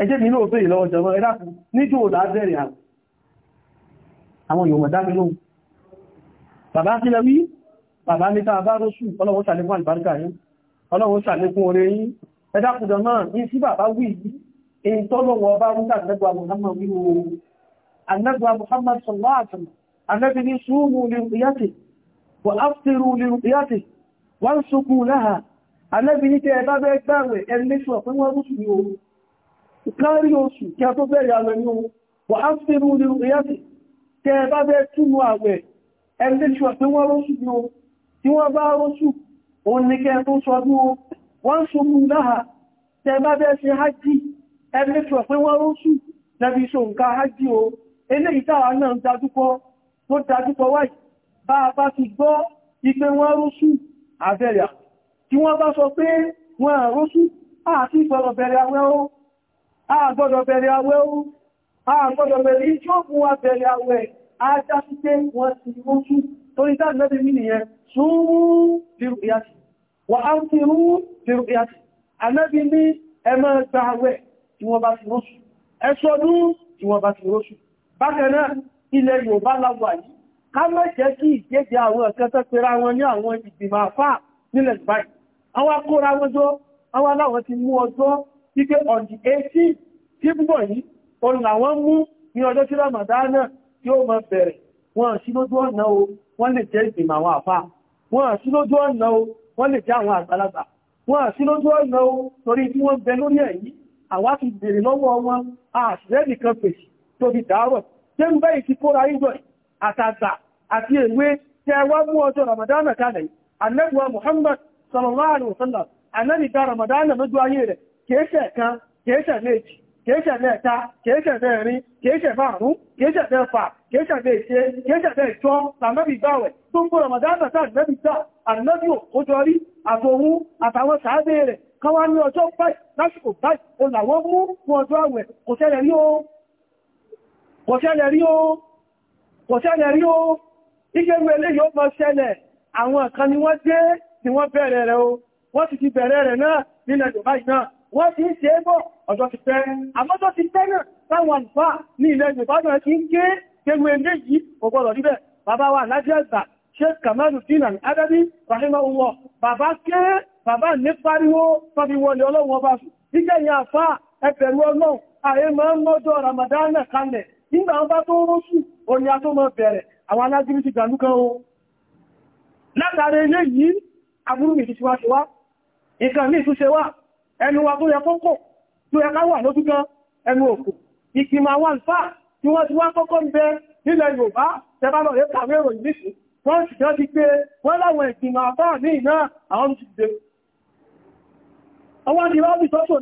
ẹjẹ́ mi náà bèèrè lọ́wọ́ jọmọ́ ẹ̀dàkù níjò láàbẹ̀rẹ̀ àwọn yóò mọ̀ dámi lóhun bàbá sílẹ̀ wí bàbá níta bá rọ́sù ọlọ́wọ́ sàlékún àlùbáríkà yìí ọlọ́wọ́ sàlékún oore yìí ẹ̀dàkù jọmọ́ ní sí bàbá wí èyí tọ́lọ́wọ́ bá rúgbà nẹ́gbà Muhammad wí o anẹ́gbà Muhammad sallallahu alaihi wasallam anẹ́bí ní súnmù lè rúkìyàtì wà áfẹ́rù lè rúkìyàtì wọ́n sókú láhà anẹ́bí ní kárí oṣù kí a tó bẹ̀rẹ̀ àwẹ̀ ní ohun wà á fi rú ní ìyàtì tẹ bá bẹ́ túnú àwẹ̀ ẹlẹ́ṣùwà tí wọ́n rọ́ṣù ní ohun tí wọ́n bá rọ́ṣù òun ní kẹ tó sọ ní ohun o ilé ìtawà náà dájúkọ tó dájúkọ wáyìí bá a bá ti gbọ́ ipe wọ́n rọ́ṣù àbẹ̀rẹ̀ tí wọ́n bá sọ pé wọ́n rọ́ṣù àti ìfọ̀rọ̀ àwọn ohun àgbọ́dọ̀ bẹ̀rẹ̀ àwẹ̀ ó àgbọ́dọ̀ bẹ̀rẹ̀ ìjọ́ fún wa bẹ̀rẹ̀ àwẹ̀ ajáṣíṣẹ́ wọn ti mọ́jú torí dáadọ́dẹ̀ mí nìyẹn ṣúrú lírùkìyàtì wà á ti rú lírùkìyàtì anábi ní ẹmọ́ gba àwẹ̀ tí wọ́n bá ti rọ́ṣù ẹṣọ́dún tí wọ́n bá ti rọ́ṣù bákan náà ilẹ̀ Yorùbá láwà yìí ká má jẹ́ kí ìgbéjẹ àwọn ẹ̀kẹ́tẹ́ pera wọn ní àwọn ìgbìmọ̀ àfáà nílẹ̀ Dubai àwọn akóra wọn jọ àwọn aláwọ̀ ti mú ọjọ́ wípé on the 18 tí púpọ̀ yìí orin àwọn mú ní ọjọ́ tí ramadana tí ó máa bẹ̀rẹ̀ wọ́n sí lójú ọ̀nà o wọ́n lè jẹ́ ìgbìmọ̀ àwọn àfá wọ́n sí lójú ọ̀nà o wọ́n lè jẹ́ àwọn àgbàlagbà wọ́n sí lójú ọ̀nà o torí tí wọ́n bẹ lórí èyí àwa ti bèèrè lọ́wọ́ wọn àṣìlẹ́ nìkan fèsì tó fi dárọ̀ tí ń bẹ́ ìsì kóra ìgbọ̀ àtàgbà àti èwe tí ẹ wá mú ọjọ́ ramadana kalẹ̀ anẹ́gbọ́ muhammad sallallahu alaihi wasallam anẹ́gbà ramadana lójú ayé rẹ̀ kéèṣẹ̀ kan kéèṣẹ̀ méjì kéèṣẹ̀ mẹ́ta kéèṣẹ̀ mẹ́rin kéèṣẹ̀ márùn-ún kéèṣẹ̀ mẹ́fà kéèṣẹ̀ méje kéèṣẹ̀ mẹ́jọ lànàbì gbáwẹ̀ tó ń gbọ́ ramadan àwọn kan ni wọ́n dé ni wọ́n bẹ̀rẹ̀ rẹ̀ o wọ́n sì ti bẹ̀rẹ̀ rẹ̀ náà nílẹ̀ Dubai náà wọ́n ti ń ṣe bọ́ ọjọ́ ti pẹ́ àmọ́jọ́ ti pẹ́ náà táwọn àlùfà ní ilẹ̀ ìgbàdàn ti ń ké kéwú ẹgbẹ́ yìí ọgbọ́dọ̀ níbẹ̀ bàbá wa lájẹ́ ẹgbà Sheikh Kamaluddin Al-Adabi rahimahullah bàbá ké bàbá ní pariwo tọ́bi wọlé ọlọ́run ọba fún ìjẹ́ ìyá àfá ẹgbẹ̀rú ọlọ́run ààyè máa ń lọ́jọ́ Ramadana kalẹ̀ nígbà wọn bá tó rọ́sù orin ató mọ́ bẹ̀rẹ̀ àwọn alájírí ti gbàlú kan o látàrí ilé yìí aburú mi ti ṣe wá ṣe wá nǹkan mi tún ṣe wá ẹnu wa tó yẹ kọ́kọ́ tó yẹ káwà lójú gan ẹnu òkú ìkìmọ̀ àwọn alfa tí wọ́n ti wá kọ́kọ́ ń bẹ nílẹ̀ Yorùbá tẹbálọ̀ lè kàwé ìròyìn nìsí wọ́n sì jọ́ ti ni rọ́bì tọ́tù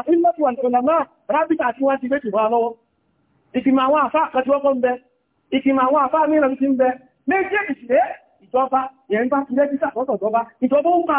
àfílọ́tù àtìlọ́mà rábì àti wọ́n ti méjì wá lọ́wọ́ ìgbìmọ̀ àwọn àfá àkàtí wọ́kọ́ ń bẹ ìgbìmọ̀ àwọn àfá mìíràn ti ń bẹ méjèèjì ìjọba yẹn bá ti lẹ́bí sàkọ́tọ̀ ìjọba ń pa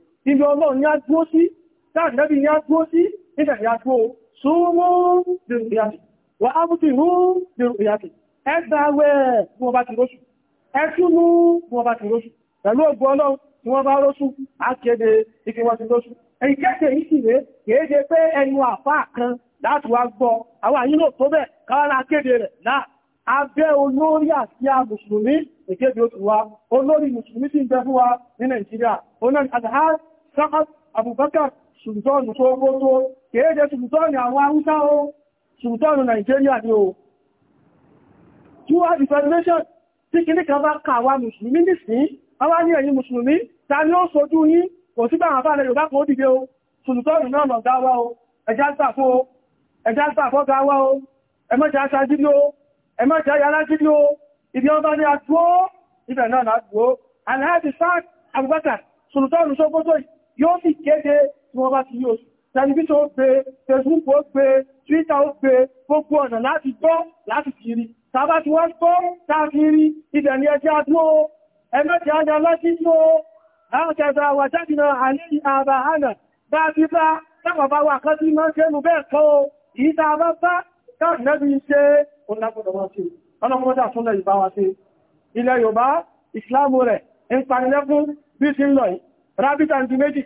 ibi ọlọ́run ni a dúó sí dáàdẹ́bì ni a dúó sí nígbà ni a dúó súnmọ́ dèrò ìyàtì wà á mú ti rú dèrò ìyàtì ẹgbà awẹ́ bí wọ́n bá ti róṣù ẹtúnú bí wọ́n bá ti róṣù pẹ̀lú ògbó ọlọ́run tí wọ́n bá róṣù á kéde ike wọ́n ti róṣù èyí kẹ́kẹ́ yìí sì ré kéde pé ẹnu àfá kan láti wá gbọ́ àwọn àyínlò tó bẹ̀ káwàrà kéde rẹ̀ náà abẹ́ olórí àti àmùsùlùmí ìkéde ó ti wá olórí mùsùlùmí sì ń bẹ fún wa ní Nàìjíríà ó náà Sáfàt Abubakar Sultanu tó gbó tó kéèdè Sultanu àwọn Haúsá o, Sultanu Nigeria ni o. Tuwa Defederation tí kìní kan bá ká àwa Mùsùlùmí nìsín, àwa ní ẹ̀yin Mùsùlùmí, ta ni ó sojú yín, kò sí báwọn bá lẹ́yìn bá kò dìde náà náà láàdúró, àlẹ́ sáà Abubakar, Sultanu Sókótó yóò fi kéde tí wọ́n bá ti yóò tẹlifíṣọ́ ó gbé facebook ó gbé twitter ó gbé gbogbo ọ̀nà láti gbọ́ láti fi rí tàbá ti wọ́n gbọ́ láti rí ìdẹ̀ ni ẹjẹ́ àdúró ẹmẹ́jẹ́ ajá lọ́sí tó àkẹta wà jágìnà àlẹ́ àbà hànà bá ti bá tábàbá wà kan sí máa ń ṣe mú bẹ́ẹ̀ kọ́ ìta bá bá káàkiri ṣe ọ̀nàgbọ̀dọ̀ wọ́n ṣe ọlọ́mọdá tún lẹ́ ìbáwá ṣe ilẹ̀ Yorùbá ìsìláàmù rẹ̀ ń parí lẹ́kún bí sí ń lọ yìí rábítà ń di méjì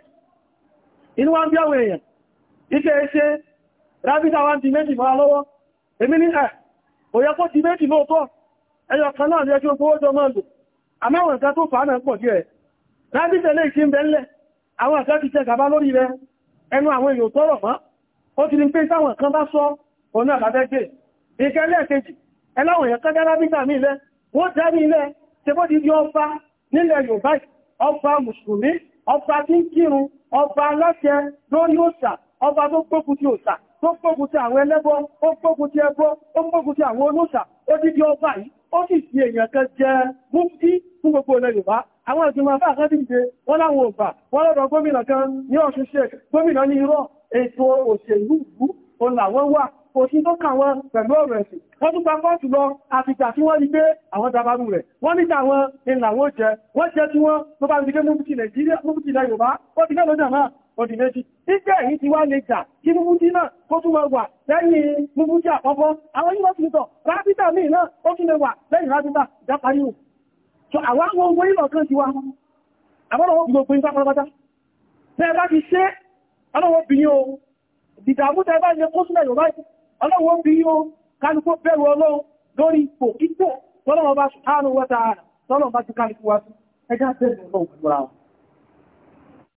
inú wá awo bí àwọn èèyàn iṣẹ́ wa rábítà di méjì máa lọ́wọ́ èmi ní ah, ẹ̀ di méjì kan jọ máa lò àmáwọn nǹkan tó fà á náà pọ̀ sí ẹ̀ rábítà lè kí ń bẹ́ ńlẹ̀ àwọn nǹkan ti tẹ gàbá lórí rẹ ẹnu àwọn èèyàn tọrọ mọ́ ó ti ní pé sáwọn kan mi mi ọba tí ń kírun ọba aláṣẹ lórí òṣà ọba tó gbógun ti òṣà tó gbógun ti àwọn ẹlẹ́bọ ó gbógun ti ẹbọ ó gbógun ti àwọn olóṣà ó dídí ọba yìí ó sì fi èèyàn kan jẹ múkí fún gbogbo ilẹ̀ Yorùbá àwọn ìgbìmọ̀ àbá àkádìmìde wọ́n láwọn ògbà wọ́n lọ́dọ̀ gómìnà kan ní Ọ̀ṣun ṣe gómìnà ní irọ́ ètò òṣèlú ìlú òun làwọn wà kò sí tó kàn wọ́n pẹ̀lú ọ̀rọ̀ ẹ̀sìn wọ́n tún papọ̀ jùlọ àfìgbà tí wọ́n rí pé àwọn dabarú rẹ̀ wọ́n ní tàwọn ìlàwọ́ jẹ wọ́n jẹ tí wọ́n tó bá rí pé nàìjíríà múbùtì ilẹ̀ yorùbá ó bá ti ṣe ọlọ́wọ́ bìyàn ò dìdàmú tẹ́ẹ̀ bá ilẹ̀ kó sílẹ̀ yorùbá ọlọ́wọ́ bí yóò kálùkù bẹ̀rù ọlọ́run lórí ipò kíkò tọ́lọ́wọ́ bá ṣùgbọ́n wọ́ta tọ́lọ́wọ́ bá ti kálùkù wá sí ẹjá bẹ̀rù ọlọ́run pẹ̀lú ara wọn